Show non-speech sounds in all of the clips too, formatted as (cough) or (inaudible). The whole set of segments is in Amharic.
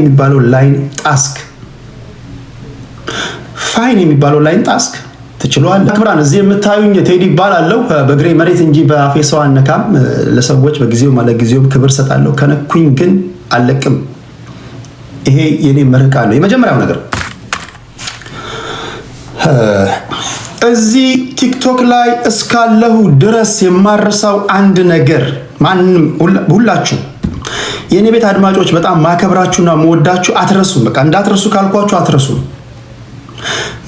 የሚባለው ላይን ጣስክ ፋይን የሚባለው ላይን ጣስክ ትችሏል። ክብራን እዚህ የምታዩኝ ቴዲ ይባላለሁ። በእግሬ መሬት እንጂ በአፌ ሰው አነካም። ለሰዎች በጊዜው ማለት ክብር ሰጣለሁ። ከነኩኝ ግን አለቅም። ይሄ የኔ ምርቃ ነው። የመጀመሪያው ነገር እዚህ ቲክቶክ ላይ እስካለሁ ድረስ የማረሳው አንድ ነገር ማንም ሁላችሁ የእኔ ቤት አድማጮች በጣም ማከብራችሁና መወዳችሁ አትረሱም። በቃ እንዳትረሱ ካልኳችሁ አትረሱ።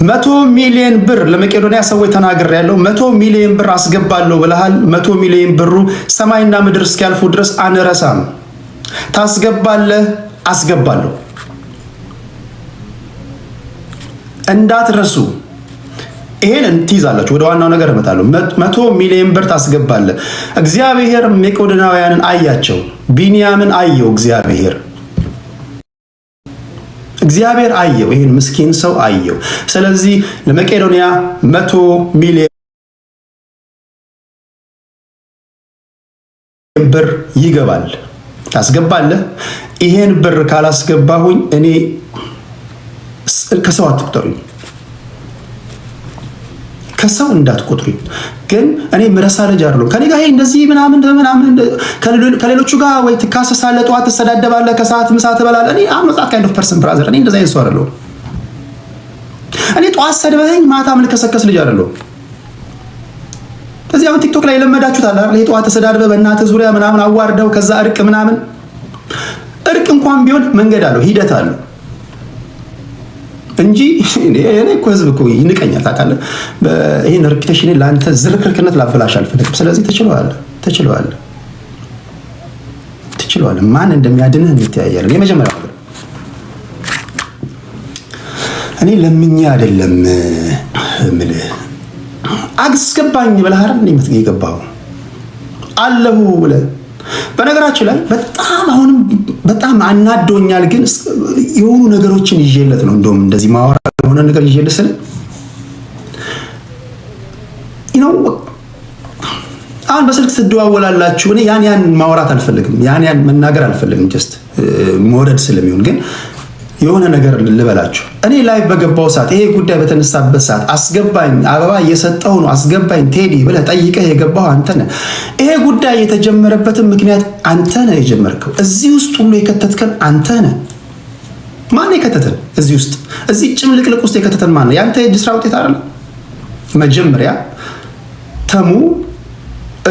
መቶ ሚሊዮን ብር ለመቄዶንያ ሰዎች ተናገር ያለው መቶ ሚሊዮን ብር አስገባለሁ ብለሃል። መቶ ሚሊዮን ብሩ ሰማይና ምድር እስኪያልፉ ድረስ አንረሳም። ታስገባለህ፣ አስገባለሁ። እንዳትረሱ ይሄን እንትይዛላችሁ። ወደ ዋናው ነገር እመጣለሁ። መቶ ሚሊዮን ብር ታስገባለህ። እግዚአብሔር መቄዶናውያንን አያቸው፣ ቢንያምን አየው። እግዚአብሔር እግዚአብሔር አየው፣ ይህን ምስኪን ሰው አየው። ስለዚህ ለመቄዶንያ መቶ ሚሊዮን ብር ይገባል። ታስገባለህ። ይሄን ብር ካላስገባሁኝ እኔ ከሰው አትቁጠሩኝ። ከሰው እንዳትቆጥሩኝ። ግን እኔ ምረሳ ልጅ አይደለሁም። ከኔ ጋር እንደዚህ ምናምን ምናምን ከሌሎቹ ጋር ወይ ትካሰሳለ፣ ጠዋት ትሰዳደባለህ፣ ከሰዓት ምሳ ትበላለህ። እኔ አም ኖት ካይንድ ኦፍ ፐርሰን ብራዘር፣ እኔ እንደዛ አይነት ሰው አይደለሁም። እኔ ጠዋት ሰድበኸኝ ማታ ምልከሰከስ ልጅ አይደለሁም። እዚህ አሁን ቲክቶክ ላይ የለመዳችሁት አለ አይደል? ጠዋት ተሰዳድበህ በእናትህ ዙሪያ ምናምን አዋርደው ከዛ እርቅ ምናምን እርቅ እንኳን ቢሆን መንገድ አለው ሂደት አለው እንጂ እኔ እኮ ህዝብ እኮ ይንቀኛል ታውቃለህ። ይህን ሪፒቴሽን ለአንተ ዝርክርክነት ላበላሽ አልፈልግም። ስለዚህ ትችለዋለህ፣ ትችለዋለህ፣ ትችለዋለህ። ማን እንደሚያድንህ እንተያያለን። የመጀመሪያ ነገር እኔ ለምኛ አይደለም የምልህ አስገባኝ ብለህ አይደል የምትገባው አለሁ ብለህ በነገራችሁ ላይ በጣም አሁንም በጣም አናዶኛል፣ ግን የሆኑ ነገሮችን ይዤለት ነው። እንደውም እንደዚህ ማወራ የሆነ ነገር ይዤለት ስለ አሁን በስልክ ስደዋወላላችሁ እኔ ያን ያን ማውራት አልፈልግም፣ ያን ያን መናገር አልፈልግም። ጀስት መውረድ ስለሚሆን ግን የሆነ ነገር ልበላችሁ። እኔ ላይ በገባው ሰዓት ይሄ ጉዳይ በተነሳበት ሰዓት አስገባኝ፣ አበባ እየሰጠው ነው አስገባኝ ቴዲ ብለህ ጠይቀህ የገባው አንተ ነህ። ይሄ ጉዳይ የተጀመረበትን ምክንያት አንተ ነህ የጀመርከው። እዚህ ውስጥ ሁሉ የከተትከን አንተ ነህ። ማን የከተተን እዚህ ውስጥ? እዚህ ጭምልቅልቅ ውስጥ የከተተን ማን ነው? ያንተ የእጅ ስራ ውጤት አለ። መጀመሪያ ተሙ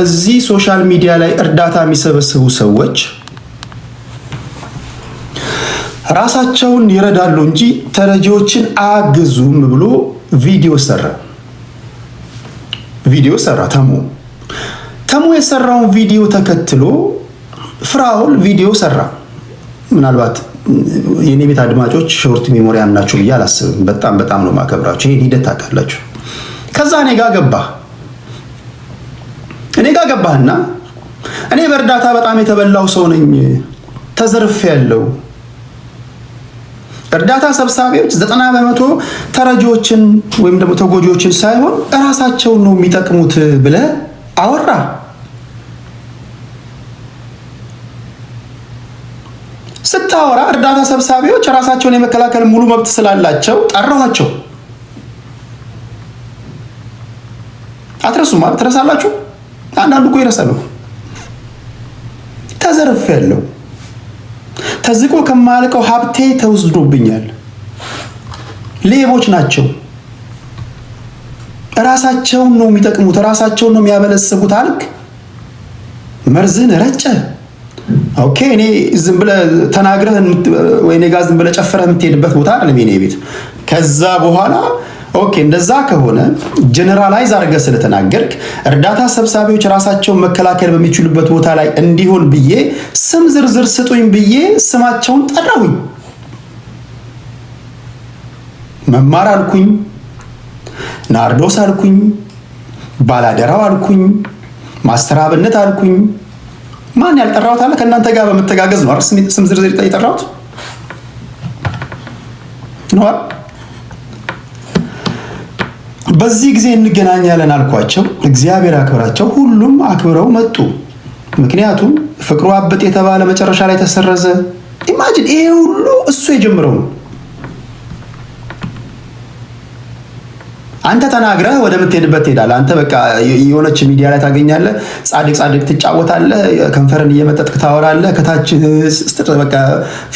እዚህ ሶሻል ሚዲያ ላይ እርዳታ የሚሰበስቡ ሰዎች ራሳቸውን ይረዳሉ እንጂ ተረጂዎችን አያግዙም ብሎ ቪዲዮ ሰራ። ቪዲዮ ሰራ ተሙ ተሙ የሰራውን ቪዲዮ ተከትሎ ፍራውል ቪዲዮ ሰራ። ምናልባት የኔ ቤት አድማጮች ሾርት ሜሞሪ ያምናችሁ ብዬ አላስብም። በጣም በጣም ነው ማከብራችሁ። ይሄን ሂደት ታውቃላችሁ። ከዛ እኔ ጋር ገባ እኔ ጋር ገባህና እኔ በእርዳታ በጣም የተበላው ሰው ነኝ ተዘርፌ ያለው እርዳታ ሰብሳቢዎች ዘጠና በመቶ ተረጂዎችን ወይም ደግሞ ተጎጂዎችን ሳይሆን እራሳቸውን ነው የሚጠቅሙት ብለ አወራ። ስታወራ እርዳታ ሰብሳቢዎች ራሳቸውን የመከላከል ሙሉ መብት ስላላቸው ጠራኋቸው። አትረሱም? ትረሳላችሁ። አንዳንዱ እኮ ይረሳሉ። ተዘርፍ ያለው ተዝቆ ከማልቀው ሀብቴ ተወስዶብኛል። ሌቦች ናቸው። ራሳቸውን ነው የሚጠቅሙት፣ ራሳቸውን ነው የሚያበለጽጉት አልክ። መርዝን ረጨ። ኦኬ እኔ ዝም ብለህ ተናግረህ ወይ ጋር ዝም ብለህ ጨፍረህ የምትሄድበት ቦታ አይደለም የእኔ ቤት። ከዛ በኋላ ኦኬ፣ እንደዛ ከሆነ ጀነራላይዝ አድርገህ ስለተናገርክ እርዳታ ሰብሳቢዎች ራሳቸውን መከላከል በሚችሉበት ቦታ ላይ እንዲሆን ብዬ ስም ዝርዝር ስጡኝ ብዬ ስማቸውን ጠራሁኝ። መማር አልኩኝ፣ ናርዶስ አልኩኝ፣ ባላደራው አልኩኝ፣ ማስተራብነት አልኩኝ። ማን ያልጠራሁት አለ? ከእናንተ ጋር በመተጋገዝ ነው ስም ዝርዝር የጠራሁት ነዋል በዚህ ጊዜ እንገናኛለን አልኳቸው። እግዚአብሔር አክብራቸው፣ ሁሉም አክብረው መጡ። ምክንያቱም ፍቅሩ አብጥ የተባለ መጨረሻ ላይ ተሰረዘ። ኢማጂን ይሄ ሁሉ እሱ የጀምረው ነው። አንተ ተናግረህ ወደምትሄድበት ትሄዳለህ። አንተ በቃ የሆነች ሚዲያ ላይ ታገኛለህ። ጻድቅ ጻድቅ ትጫወታለህ፣ ከንፈርን እየመጠጥክ ታወራለህ። ከታች በቃ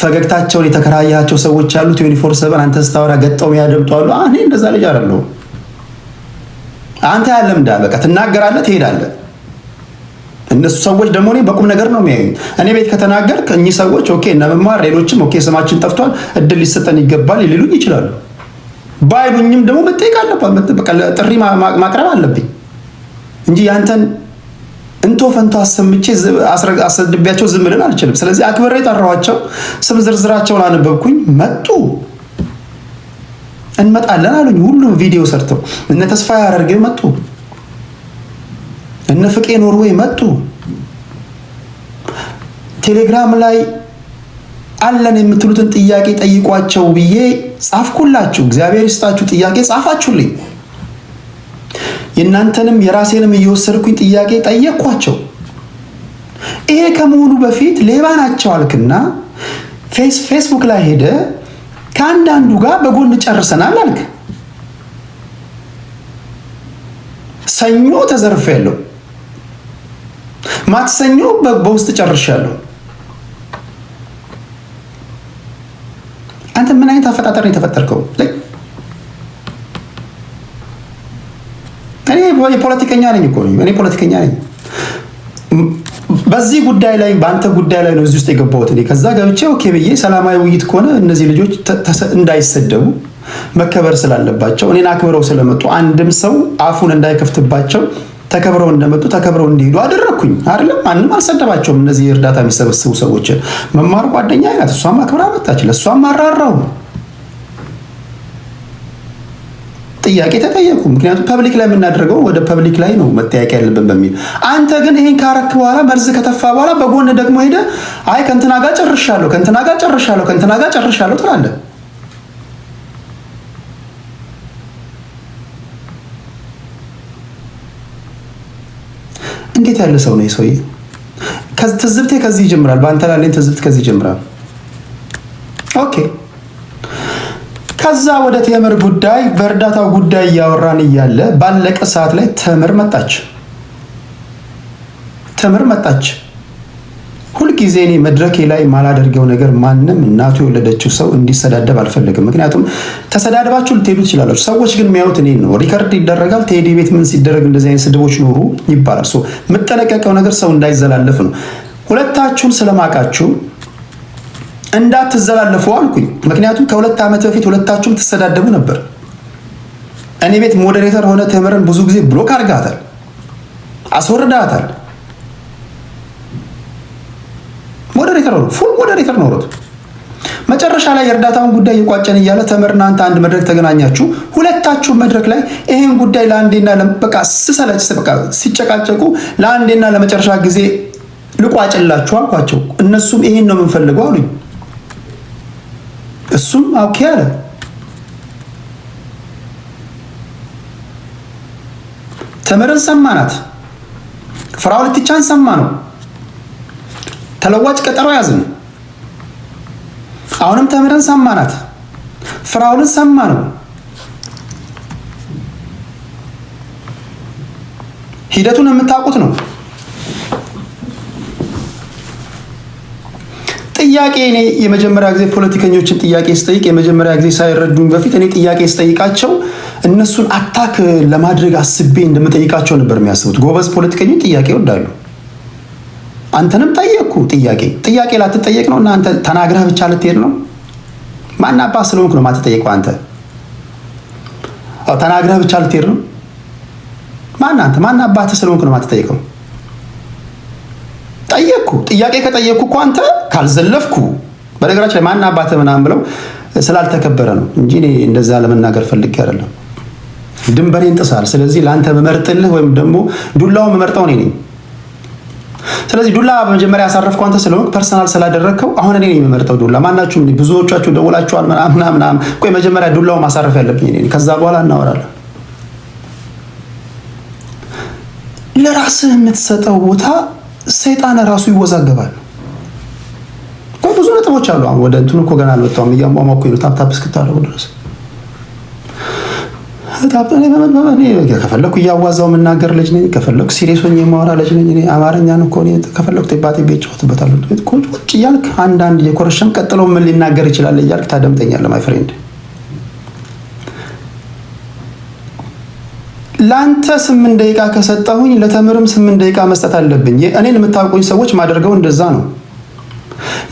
ፈገግታቸውን የተከራያቸው ሰዎች ያሉት ዩኒፎር ሰበን አንተ ስታወራ ገጠው ያደምጠዋሉ። እኔ እንደዛ ልጅ አይደለሁም። አንተ ያለምዳል። በቃ ትናገራለህ፣ ትሄዳለህ። እነሱ ሰዎች ደግሞ እኔ በቁም ነገር ነው የሚያዩኝ። እኔ ቤት ከተናገርክ እኚህ ሰዎች ኦኬ መማር ሌሎችም ኦኬ ስማችን ጠፍቷል፣ እድል ሊሰጠን ይገባል ሊሉኝ ይችላሉ። ባይሉኝም ደግሞ መጠየቅ አለባት፣ ጥሪ ማቅረብ አለብኝ እንጂ ያንተን እንቶ ፈንቶ አሰምቼ አስረድቤያቸው ዝም አልችልም። ስለዚህ አክብሬ ጠራኋቸው፣ ስም ዝርዝራቸውን አነበብኩኝ፣ መጡ። እንመጣለን አሉኝ። ሁሉም ቪዲዮ ሰርተው እነ ተስፋ ያደርጌ መጡ፣ እነ ፍቄ ኖርዌይ መጡ። ቴሌግራም ላይ አለን የምትሉትን ጥያቄ ጠይቋቸው ብዬ ጻፍኩላችሁ። እግዚአብሔር ይስጣችሁ፣ ጥያቄ ጻፋችሁልኝ። የእናንተንም የራሴንም እየወሰድኩኝ ጥያቄ ጠየቅኳቸው። ይሄ ከመሆኑ በፊት ሌባ ናቸው አልክና ፌስቡክ ላይ ሄደ ከአንዳንዱ ጋር በጎን ጨርሰናል አልክ። ሰኞ ተዘርፌ ያለው ማክሰኞ በውስጥ ጨርሻለሁ። አንተ ምን አይነት አፈጣጠር ነው የተፈጠርከው? እኔ የፖለቲከኛ ነኝ እኮ እኔ ፖለቲከኛ ነኝ። በዚህ ጉዳይ ላይ በአንተ ጉዳይ ላይ ነው እዚህ ውስጥ የገባሁት እኔ። ከዛ ገብቼ ኦኬ ብዬ ሰላማዊ ውይይት ከሆነ እነዚህ ልጆች እንዳይሰደቡ መከበር ስላለባቸው እኔን አክብረው ስለመጡ አንድም ሰው አፉን እንዳይከፍትባቸው ተከብረው እንደመጡ ተከብረው እንዲሄዱ አደረግኩኝ። አይደለም ማንም አልሰደባቸውም። እነዚህ እርዳታ የሚሰበስቡ ሰዎችን መማር ጓደኛ አይነት እሷም አክብራ መጣችል እሷም አራራው ጥያቄ ተጠየቁ። ምክንያቱም ፐብሊክ ላይ የምናደርገው ወደ ፐብሊክ ላይ ነው መጠያቂ ያለብን በሚል አንተ ግን ይህን ካረክ በኋላ መርዝ ከተፋ በኋላ በጎን ደግሞ ሄደ አይ ከንትና ጋር ጨርሻለሁ፣ ከንትና ጋር ጨርሻለሁ፣ ከንትና ጋር ጨርሻለሁ ትላለህ። እንዴት ያለ ሰው ነው ይህ ሰውዬ? ትዝብቴ ከዚህ ይጀምራል። በአንተ ላለኝ ትዝብት ከዚህ ይጀምራል። ኦኬ ከዛ ወደ ቴምር ጉዳይ በእርዳታው ጉዳይ እያወራን እያለ ባለቀ ሰዓት ላይ ተምር መጣች። ተምር መጣች። ሁልጊዜ እኔ መድረኬ ላይ ማላደርገው ነገር ማንም እናቱ የወለደችው ሰው እንዲሰዳደብ አልፈልግም። ምክንያቱም ተሰዳድባችሁ ልትሄዱ ትችላላችሁ። ሰዎች ግን የሚያዩት እኔን ነው። ሪከርድ ይደረጋል። ቴዲ ቤት ምን ሲደረግ እንደዚህ አይነት ስድቦች ኖሩ ይባላል። የምጠነቀቀው ነገር ሰው እንዳይዘላለፍ ነው። ሁለታችሁን ስለማቃችሁ እንዳትዘላለፉ አልኩኝ። ምክንያቱም ከሁለት ዓመት በፊት ሁለታችሁም ትሰዳደቡ ነበር። እኔ ቤት ሞዴሬተር ሆነ ትምህርን ብዙ ጊዜ ብሎክ አድርጋታል፣ አስወርዳታል። ሞዴሬተር ነው፣ ፉል ሞዴሬተር ነው። መጨረሻ ላይ የእርዳታውን ጉዳይ ይቋጨን እያለ ተምር አንተ አንድ መድረክ ተገናኛችሁ። ሁለታችሁ መድረክ ላይ ይህን ጉዳይ ለአንዴና በቃ ስሰለች በቃ ሲጨቃጨቁ ለአንዴና ለመጨረሻ ጊዜ ልቋጭላችሁ አልኳቸው። እነሱም ይሄን ነው የምንፈልገው አሉኝ። እሱም አብኪ አለ። ተምርን ሰማናት፣ ፍራው ልትቻን ሰማ ነው። ተለዋጭ ቀጠሮ ያዝን። አሁንም ተምረን ሰማናት፣ ፍራኦልን ሰማ ነው። ሂደቱን የምታውቁት ነው። ጥያቄ እኔ የመጀመሪያ ጊዜ ፖለቲከኞችን ጥያቄ ስጠይቅ የመጀመሪያ ጊዜ ሳይረዱኝ በፊት እኔ ጥያቄ ስጠይቃቸው እነሱን አታክ ለማድረግ አስቤ እንደምጠይቃቸው ነበር የሚያስቡት። ጎበዝ ፖለቲከኞች ጥያቄ ይወዳሉ። አንተንም ጠየቅኩ ጥያቄ። ጥያቄ ላትጠየቅ ነው እናንተ ተናግረህ ብቻ ልትሄድ ነው? ማን አባ ስለሆንኩ ነው ማትጠየቀው? አንተ ተናግረህ ብቻ ልትሄድ ነው? ማን አንተ ማን አባትህ ስለሆንኩ ነው ማትጠየቀው? ጠየቅኩ። ጥያቄ ከጠየቅኩ እኮ አንተ ካልዘለፍኩ በነገራችን ላይ ማን አባት ምናምን ብለው ስላልተከበረ ነው እንጂ እኔ እንደዛ ለመናገር ፈልጌ አይደለም። ድንበሬን ጥሳል። ስለዚህ ለአንተ መመርጥልህ ወይም ደግሞ ዱላውን መመርጠው እኔ ነኝ። ስለዚህ ዱላ በመጀመሪያ ያሳረፍኩ አንተ ስለሆንክ ፐርሰናል ስላደረግከው አሁን እኔ ነኝ የምመርጠው ዱላ። ማናችሁም ብዙዎቻችሁ ደውላችኋል ምናምን ምናምን። ቆይ መጀመሪያ ዱላው ማሳረፍ ያለብኝ እኔ፣ ከዛ በኋላ እናወራለን። ለራስህ የምትሰጠው ቦታ ሰይጣን ራሱ ይወዛገባል። ብዙ ነጥቦች አሉ። አሁን ወደ እንትኑ እኮ ገና አልመጣሁም። እያሟሟኩ ነው ታፕታፕ እስክታደርጉ ድረስ ከፈለኩ እያዋዛው የምናገር ልጅ ነኝ። ከፈለኩ ሲሪየስ ሆኜ የማወራ ልጅ ነኝ። እኔ አማርኛን እኮ እኔ ከፈለኩ ጤባ ቤት እጫወትበታለሁ። ቁጭ እያልክ አንዳንድ እየኮረሸም ቀጥሎ ምን ሊናገር ይችላል እያልክ ታደምጠኛለህ ማይ ፍሬንድ ለአንተ ስምንት ደቂቃ ከሰጠሁኝ ለተምርም ስምንት ደቂቃ መስጠት አለብኝ። እኔን የምታውቁኝ ሰዎች ማደርገው እንደዛ ነው።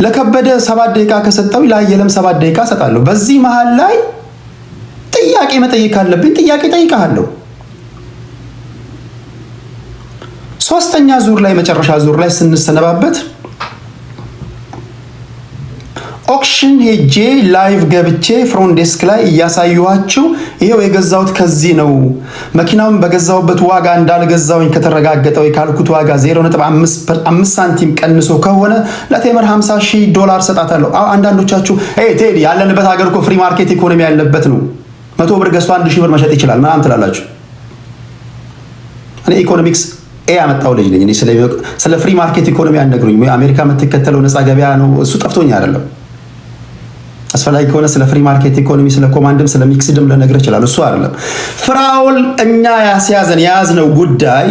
ለከበደ ሰባት ደቂቃ ከሰጠሁኝ ለአየለም ሰባት ደቂቃ እሰጣለሁ። በዚህ መሀል ላይ ጥያቄ መጠየቅ ካለብኝ ጥያቄ ጠይቀሃለሁ። ሶስተኛ ዙር ላይ መጨረሻ ዙር ላይ ስንሰነባበት ኦክሽን ሄጄ ላይቭ ገብቼ ፍሮንት ዴስክ ላይ እያሳየኋችሁ ይሄው የገዛሁት ከዚህ ነው። መኪናውን በገዛሁበት ዋጋ እንዳልገዛውኝ ከተረጋገጠው የካልኩት ዋጋ 0.5 ሳንቲም ቀንሶ ከሆነ ለቴምር 50 ሺህ ዶላር ሰጣታለሁ። አንዳንዶቻችሁ ቴዲ ያለንበት ሀገር እኮ ፍሪ ማርኬት ኢኮኖሚ ያለበት ነው፣ መቶ ብር ገዝቶ አንድ ሺህ ብር መሸጥ ይችላል ምናምን ትላላችሁ። እኔ ኢኮኖሚክስ ኤ ያመጣው ልጅ ነኝ። ስለ ፍሪ ማርኬት ኢኮኖሚ አነግሩኝ። አሜሪካ የምትከተለው ነፃ ገበያ ነው እሱ ጠፍቶኝ አይደለም። አስፈላጊ ከሆነ ስለ ፍሪ ማርኬት ኢኮኖሚ፣ ስለ ኮማንድም ስለ ሚክስድም ልነግርህ እችላለሁ። እሱ አይደለም ፍራውል እኛ ያስያዘን የያዝነው ጉዳይ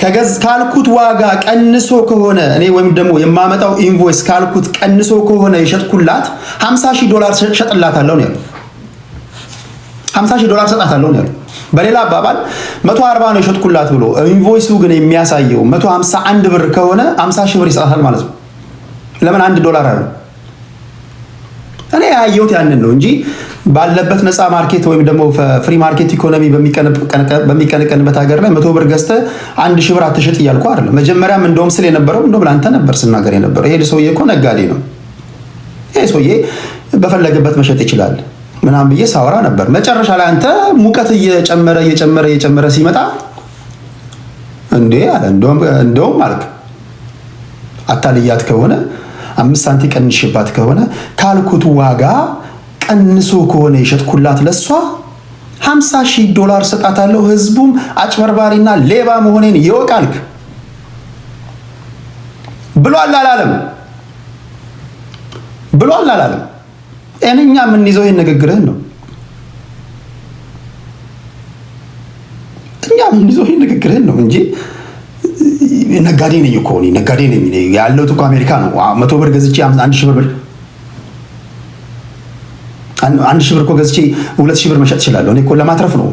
ከገዝ ካልኩት ዋጋ ቀንሶ ከሆነ እኔ ወይም ደግሞ የማመጣው ኢንቮይስ ካልኩት ቀንሶ ከሆነ የሸጥኩላት 50 ሺህ ዶላር ሸጥላታለሁ ነው ያለው። 50 ሺህ ዶላር ሰጣታለሁ ነው ያለው። በሌላ አባባል 140 ነው የሸጥኩላት ብሎ ኢንቮይሱ ግን የሚያሳየው 151 ብር ከሆነ 50 ሺህ ብር ይሰጣታል ማለት ነው። ለምን አንድ ዶላር አይደለም እኔ ያየሁት ያንን ነው እንጂ ባለበት ነፃ ማርኬት ወይም ደግሞ ፍሪ ማርኬት ኢኮኖሚ በሚቀነቀንበት ሀገር ላይ መቶ ብር ገዝተ አንድ ሺህ ብር አትሸጥ እያልኩ አለ። መጀመሪያም እንደውም ስል የነበረው እንደውም ለአንተ ነበር ስናገር የነበረው ይሄ ሰውዬ እኮ ነጋዴ ነው፣ ይሄ ሰውዬ በፈለገበት መሸጥ ይችላል ምናምን ብዬ ሳወራ ነበር። መጨረሻ ላይ አንተ ሙቀት እየጨመረ እየጨመረ እየጨመረ ሲመጣ እንዴ አለ እንደውም አልክ አታልያት ከሆነ አምስት ሳንቲ ቀንሽባት ከሆነ ካልኩት ዋጋ ቀንሶ ከሆነ የሸጥኩላት ለሷ 50 ሺህ ዶላር ሰጣታለሁ። ህዝቡም አጭበርባሪና ሌባ መሆኔን ይወቃልክ ብሏል አላለም? ብሏል አላለም? እኛ የምንይዘው ይህን ንግግርህን ነው። እኛ የምንይዘው ይህን ንግግርህን ነው እንጂ ነጋዴ ነኝ እኮ እኔ ነጋዴ ነኝ ያለሁት እኮ አሜሪካ ነው። መቶ ብር ገዝቼ አንድ ሺህ ብር አንድ ሺህ ብር እኮ ገዝቼ ሁለት ሺህ ብር መሸጥ እችላለሁ። እኔ እኮ ለማትረፍ ነው።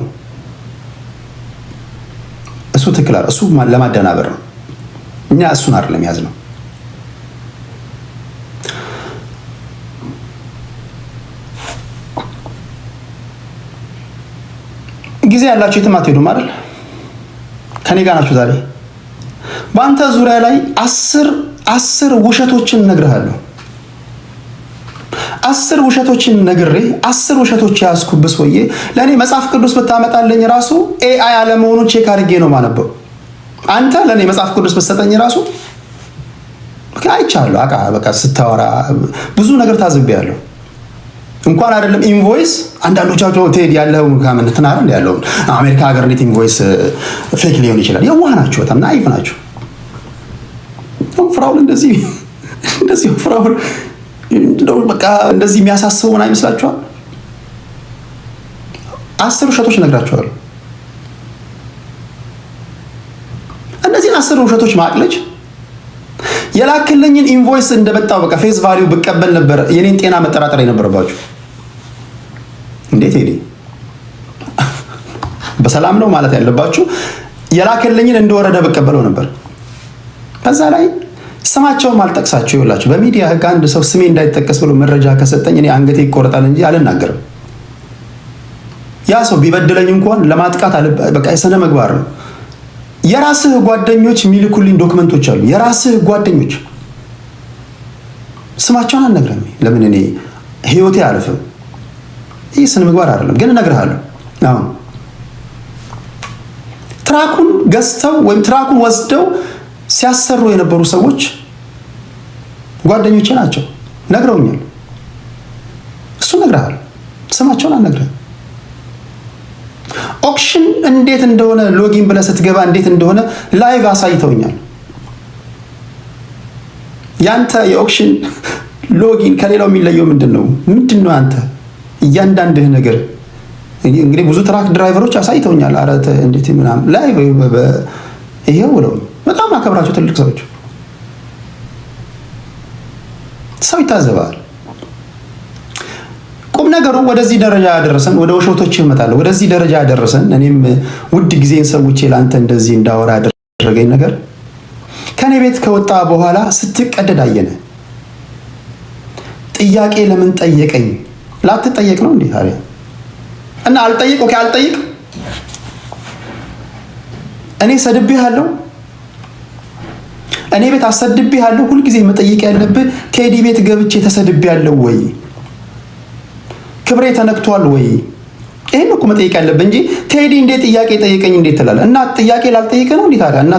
እሱ ትክክል እሱ ለማደናበር ነው። እኛ እሱን አይደለም የያዝነው። ጊዜ ያላችሁ የትም አትሄዱም አይደል? ከኔ ጋር ናችሁ ዛሬ በአንተ ዙሪያ ላይ አስር አስር ውሸቶችን እነግርሃለሁ። አስር ውሸቶችን ነግሬ አስር ውሸቶች ያስኩብስ ወዬ ለእኔ መጽሐፍ ቅዱስ ብታመጣልኝ ራሱ ኤአይ አለመሆኑ ቼክ አድርጌ ነው ማነበው። አንተ ለእኔ መጽሐፍ ቅዱስ ብትሰጠኝ ራሱ አይቻለሁ። አቃ በቃ ስታወራ ብዙ ነገር ታዝቤያለሁ። እንኳን አይደለም ኢንቮይስ አንዳንዶቻቸው ቴድ ያለው ምናምን እንትን ያለው አሜሪካ ሀገር እንዴት ኢንቮይስ ፌክ ሊሆን ይችላል? የዋህ ናቸው፣ በጣም ናይፍ ናቸው። ፍራውን እንደዚህ እንደዚህ ፍራውን እንደው በቃ እንደዚህ የሚያሳስበውን አይመስላችኋል? አስር ውሸቶች ነግራችኋል። እነዚህን አስር ውሸቶች ማቅለጅ የላክልኝን ኢንቮይስ እንደመጣው በቃ ፌስ ቫሊዩ ብቀበል ነበር የኔን ጤና መጠራጠር የነበረባችሁ። እንዴት ሄዴ በሰላም ነው ማለት ያለባችሁ። የላክልኝን እንደወረደ ብቀበለው ነበር ከዛ ላይ ስማቸውም አልጠቅሳቸው ይውላቸው በሚዲያ ህግ አንድ ሰው ስሜ እንዳይጠቀስ ብሎ መረጃ ከሰጠኝ እኔ አንገቴ ይቆረጣል እንጂ አልናገርም። ያ ሰው ቢበድለኝ እንኳን ለማጥቃት በቃ የሰነ ምግባር ነው። የራስህ ጓደኞች የሚልኩልኝ ዶክመንቶች አሉ። የራስህ ጓደኞች ስማቸውን አልነግረም። ለምን እኔ ህይወቴ አልፍም። ይህ ስነ ምግባር አይደለም፣ ግን እነግርሃለሁ። አሁን ትራኩን ገዝተው ወይም ትራኩን ወስደው ሲያሰሩ የነበሩ ሰዎች ጓደኞቼ ናቸው ነግረውኛል። እሱ ነግረሃል፣ ስማቸውን አልነግረህም። ኦክሽን እንዴት እንደሆነ ሎጊን ብለህ ስትገባ እንዴት እንደሆነ ላይቭ አሳይተውኛል። ያንተ የኦክሽን ሎጊን ከሌላው የሚለየው ምንድን ነው? ምንድን ነው አንተ እያንዳንድህ ነገር እንግዲህ ብዙ ትራክ ድራይቨሮች አሳይተውኛል። እንዴት ምናምን ላይ ይሄው ብለው በጣም አከብራቸው ትልቅ ሰዎች ሰው ይታዘባል። ቁም ነገሩ ወደዚህ ደረጃ ያደረሰን ወደ ውሸቶች እመጣለሁ። ወደዚህ ደረጃ ያደረሰን እኔም ውድ ጊዜን ሰውቼ ለአንተ እንደዚህ እንዳወራ ያደረገኝ ነገር ከእኔ ቤት ከወጣ በኋላ ስትቀደድ አየነ። ጥያቄ ለምን ጠየቀኝ? ላትጠየቅ ነው እንዲህ እና አልጠይቅ ኦኬ፣ አልጠይቅ እኔ ሰድቤሃለሁ እኔ ቤት አሰድቤ ያለሁ ሁልጊዜ መጠየቅ ያለብህ ቴዲ ቤት ገብቼ ተሰድቤ ያለው ወይ ክብሬ ተነክቷል ወይ? ይህን እኮ መጠየቅ ያለብህ እንጂ ቴዲ እንዴ ጥያቄ ጠይቀኝ እንዴት ትላለህ? እና ጥያቄ ላልጠይቅ ነው እንዴ ታዲያ? እና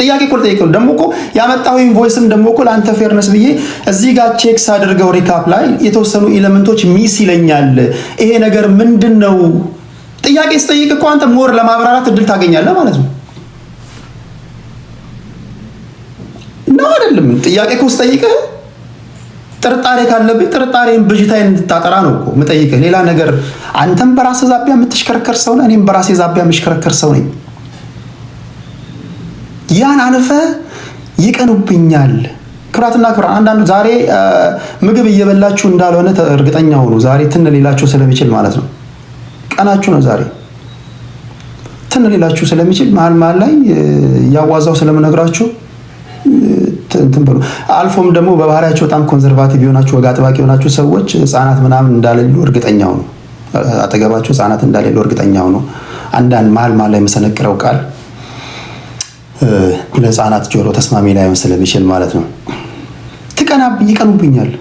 ጥያቄ እኮ ልጠይቅ ነው ደግሞ እኮ ያመጣሁኝ ኢንቮይስም ደግሞ እኮ ለአንተ ፌርነስ ብዬ እዚህ ጋር ቼክስ አድርገው ሪካፕ ላይ የተወሰኑ ኤለመንቶች ሚስ ይለኛል። ይሄ ነገር ምንድን ነው? ጥያቄ ስጠይቅ እኮ አንተ ሞር ለማብራራት እድል ታገኛለህ ማለት ነው። ነው አይደለም? ጥያቄ እኮ ስጠይቅህ ጥርጣሬ ካለብኝ ጥርጣሬን ብዥታዬን እንድታጠራ ነው እኮ የምጠይቅህ። ሌላ ነገር አንተም በራስህ ዛቢያ የምትሽከረከር ሰው ነህ፣ እኔም በራሴ ዛቢያ የምሽከረከር ሰው ነኝ። ያን አልፈህ ይቀኑብኛል። ክብራትና ክብራት አንዳንዱ ዛሬ ምግብ እየበላችሁ እንዳልሆነ እርግጠኛ ሆኑ። ዛሬ ትን ሌላችሁ ስለሚችል ማለት ነው። ቀናችሁ ነው ዛሬ ትን ሌላችሁ ስለሚችል መሀል መሀል ላይ እያዋዛው ስለምነግራችሁ እንትን ብሎ አልፎም ደግሞ በባህሪያቸው በጣም ኮንዘርቫቲቭ የሆናችሁ ወግ አጥባቂ የሆናችሁ ሰዎች ህጻናት ምናምን እንዳለሉ እርግጠኛው ነው። አጠገባቸው ህጻናት እንዳለሉ እርግጠኛው ነው። አንዳንድ መሀል መሀል ላይ የምሰነቅረው ቃል ለህፃናት ጆሮ ተስማሚ ላይሆን ስለሚችል ማለት ነው። ትቀና ይቀኑብኛል።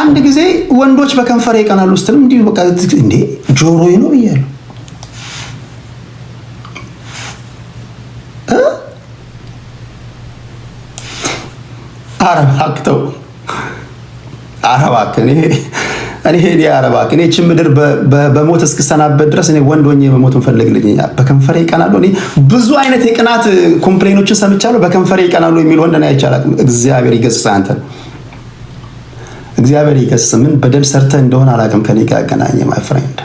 አንድ ጊዜ ወንዶች በከንፈሬ ይቀናሉ ስትልም እንዲሁ በቃ እንዴ ጆሮዬ ነው ብያለሁ። አረባክተው አረባክ እኔ ሄድ አረባክ እኔ ች ምድር በሞት እስክሰናበት ድረስ እኔ ወንድ ሆኜ መሞት እንፈልግ በከንፈሬ ይቀናሉ። እኔ ብዙ አይነት የቅናት ኮምፕሌኖችን ሰምቻለሁ። በከንፈሬ ይቀናሉ የሚል ወንድ እኔ አይቻልም። እግዚአብሔር ይገስጽህ አንተ እግዚአብሔር ይገስጽ። ምን በደል ሰርተህ እንደሆነ አላውቅም። ከኔ ጋር ያገናኘ ማይ ፍሬንድ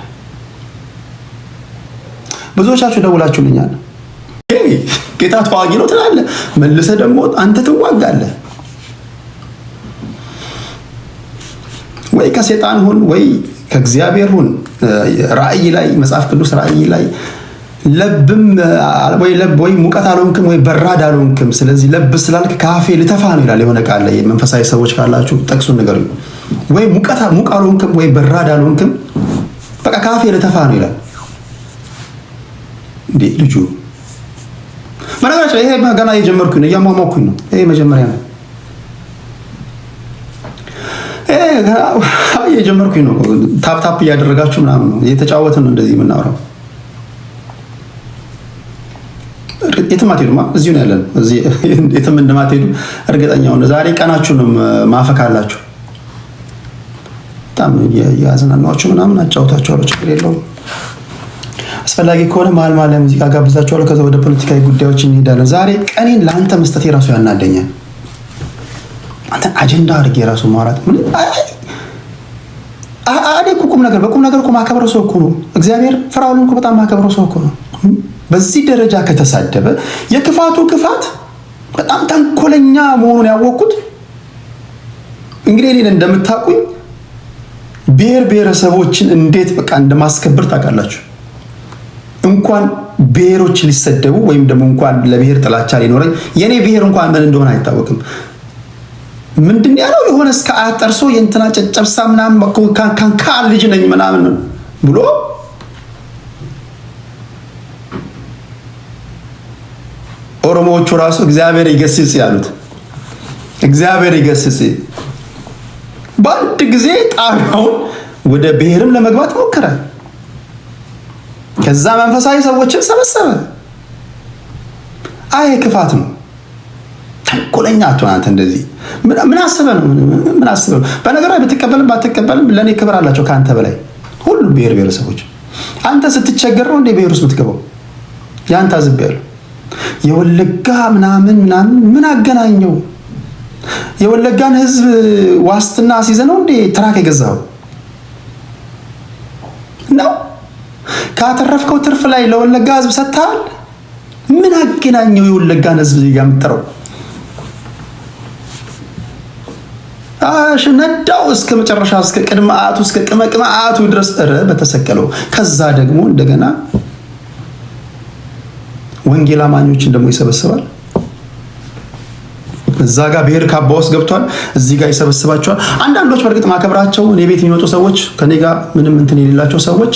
ብዙዎቻችሁ ደውላችሁልኛል። ጌታ ተዋጊ ነው ትላለህ፣ መልሰህ ደግሞ አንተ ትዋጋለህ። ወይ ከሴጣን ሁን ወይ ከእግዚአብሔር ሁን። ራእይ ላይ መጽሐፍ ቅዱስ ራእይ ላይ ለብም ወይ ለብ ወይ ሙቀት አልሆንክም ወይ በራድ አልሆንክም። ስለዚህ ለብ ስላልክ ካፌ ልተፋ ነው ይላል። የሆነ ቃል ላይ መንፈሳዊ ሰዎች ካላችሁ ጠቅሱን ነገር ወይ ሙቀት ሙቅ አልሆንክም ወይ በራድ አልሆንክም፣ በቃ ካፌ ልተፋ ነው ይላል። እንዴ ልጁ መናገራቸው ይሄ ገና የጀመርኩኝ ነው፣ እያሟሟኩኝ ነው። ይሄ መጀመሪያ ነው። የጀመርኩኝ ነው። ታፕታፕ እያደረጋችሁ ምናምን ነው እየተጫወትን ነው እንደዚህ የምናወራው። የትም አትሄዱማ፣ እዚሁ ነው ያለን። (laughs) የትም እንደማትሄዱ እርግጠኛ ሆነ። ዛሬ ቀናችሁንም ማፈካ አላችሁ። በጣም ያዝናናችሁ ምናምን አጫውታችኋለሁ። ችግር የለውም። አስፈላጊ ከሆነ መሀል መሀል ሙዚቃ ጋብዛችኋለሁ። ከዛ ወደ ፖለቲካዊ ጉዳዮች እንሄዳለን። ዛሬ ቀኔን ለአንተ መስጠት የራሱ ያናደኛል። አንተ አጀንዳ አድርጌ የራሱ ማውራት አዴ ቁም ነገር በቁም ነገር እኮ ማከብረው ሰው እኮ ነው። እግዚአብሔር ፍራውልን እኮ በጣም ማከብረው ሰው እኮ ነው። በዚህ ደረጃ ከተሳደበ የክፋቱ ክፋት በጣም ተንኮለኛ መሆኑን ያወቅኩት እንግዲህ እኔን እንደምታውቁኝ ብሔር ብሔረሰቦችን እንዴት በቃ እንደማስከብር ታውቃላችሁ። እንኳን ብሔሮች ሊሰደቡ ወይም ደግሞ እንኳን ለብሔር ጥላቻ ሊኖረኝ የእኔ ብሔር እንኳን ምን እንደሆነ አይታወቅም። ምንድን ያለው የሆነ እስከ አያት ጠርሶ የእንትና ጨጨብሳ ምናምን ካንካ ልጅ ነኝ ምናምን ብሎ ኦሮሞዎቹ ራሱ እግዚአብሔር ይገስጽ ያሉት እግዚአብሔር ይገስጽ። በአንድ ጊዜ ጣቢያውን ወደ ብሔርም ለመግባት ሞከረ። ከዛ መንፈሳዊ ሰዎችን ሰበሰበ። አይ ክፋት ነው። ቸኮለኛ ትናንት እንደዚህ ምን አስበ ነው? ምን አስበ ነው? በነገር ብትቀበልም ባትቀበልም ለእኔ ክብር አላቸው ከአንተ በላይ ሁሉም ብሔር ብሔረሰቦች። አንተ ስትቸገር ነው እንደ ብሔር ውስጥ የምትገባው። ያንተ አዝብ ያሉ የወለጋ ምናምን ምናምን ምን አገናኘው? የወለጋን ህዝብ ዋስትና ሲዘነው ነው እንዴ ትራክ የገዛው ነው? ካተረፍከው ትርፍ ላይ ለወለጋ ህዝብ ሰጥተሃል? ምን አገናኘው የወለጋን ህዝብ የምጠረው ነዳው እስከ መጨረሻ እስከ ቅድመ አያቱ እስከ ቅመ አያቱ ድረስ እረ በተሰቀለው። ከዛ ደግሞ እንደገና ወንጌል አማኞችን ደግሞ ይሰበስባል። እዛ ጋር ብሔር ካባ ውስጥ ገብቷል። እዚህ ጋር ይሰበስባቸዋል። አንዳንዶች በእርግጥ ማከብራቸው እኔ ቤት የሚመጡ ሰዎች ከኔ ጋር ምንም እንትን የሌላቸው ሰዎች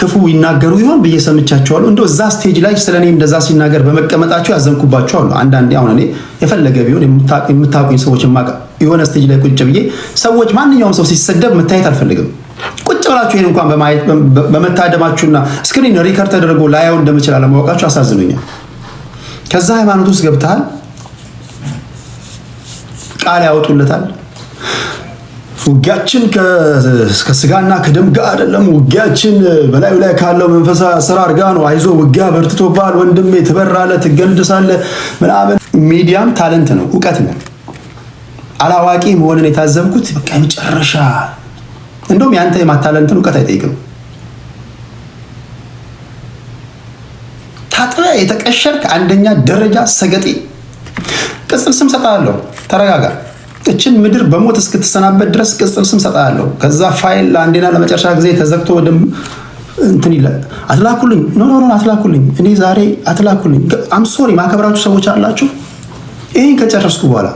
ክፉ ይናገሩ ይሆን ብዬ ሰምቻቸዋለሁ። እንደው እዛ ስቴጅ ላይ ስለ እኔ እንደዛ ሲናገር በመቀመጣቸው ያዘንኩባቸዋለሁ። አንዳንዴ አሁን እኔ የፈለገ ቢሆን የምታውቁኝ ሰዎች የማውቃ የሆነ ስቴጅ ላይ ቁጭ ብዬ ሰዎች ማንኛውም ሰው ሲሰደብ መታየት አልፈልግም። ቁጭ ብላችሁ ይህን እንኳን በመታደማችሁና ስክሪን ሪከርድ ተደርጎ ላያው እንደምችል አለማወቃችሁ አሳዝኖኛል። ከዛ ሃይማኖት ውስጥ ገብተሃል፣ ቃል ያወጡለታል። ውጊያችን ከስጋና ከደም ጋር አይደለም። ውጊያችን በላዩ ላይ ካለው መንፈሳዊ አሰራር ጋ ነው። አይዞ ውጊያ በርትቶባል ወንድሜ፣ ትበራለ፣ ትገንድሳለ ምናምን። ሚዲያም ታለንት ነው፣ እውቀት ነው። አላዋቂ መሆንን የታዘብኩት በቃ የመጨረሻ እንደውም የአንተ የማታለንትን እውቀት አይጠይቅም። ታጥበ የተቀሸርክ አንደኛ ደረጃ ሰገጤ ቅጽል ስም ሰጣለሁ። ተረጋጋ። እችን ምድር በሞት እስክትሰናበት ድረስ ቅጽል ስም ሰጣለሁ። ከዛ ፋይል ለአንዴና ለመጨረሻ ጊዜ ተዘግቶ ወደ እንትን ይለ አትላኩልኝ፣ ኖ ኖ ኖ አትላኩልኝ፣ እኔ ዛሬ አትላኩልኝ። አም ሶሪ ማከብራችሁ ሰዎች አላችሁ። ይህን ከጨረስኩ በኋላ